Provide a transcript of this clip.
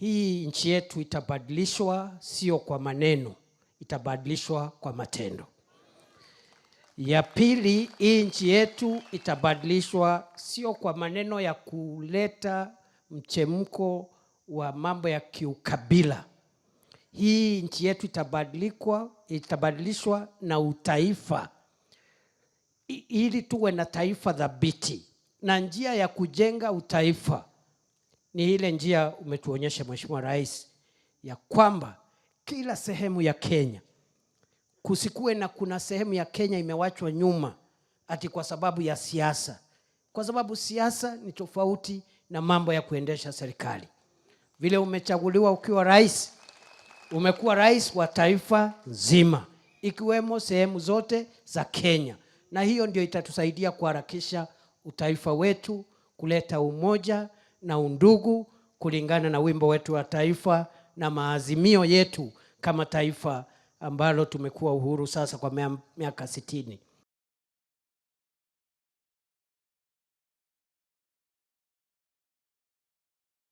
hii nchi yetu itabadilishwa, sio kwa maneno, itabadilishwa kwa matendo. Ya pili, hii nchi yetu itabadilishwa sio kwa maneno ya kuleta mchemko wa mambo ya kiukabila. Hii nchi yetu itabadilikwa, itabadilishwa na utaifa, ili tuwe na taifa dhabiti na njia ya kujenga utaifa ni ile njia umetuonyesha Mheshimiwa Rais ya kwamba kila sehemu ya Kenya kusikue na kuna sehemu ya Kenya imewachwa nyuma ati kwa sababu ya siasa, kwa sababu siasa ni tofauti na mambo ya kuendesha serikali. Vile umechaguliwa ukiwa rais, umekuwa rais wa taifa nzima, ikiwemo sehemu zote za Kenya, na hiyo ndio itatusaidia kuharakisha utaifa wetu, kuleta umoja na undugu kulingana na wimbo wetu wa taifa na maazimio yetu kama taifa ambalo tumekuwa uhuru sasa kwa miaka sitini.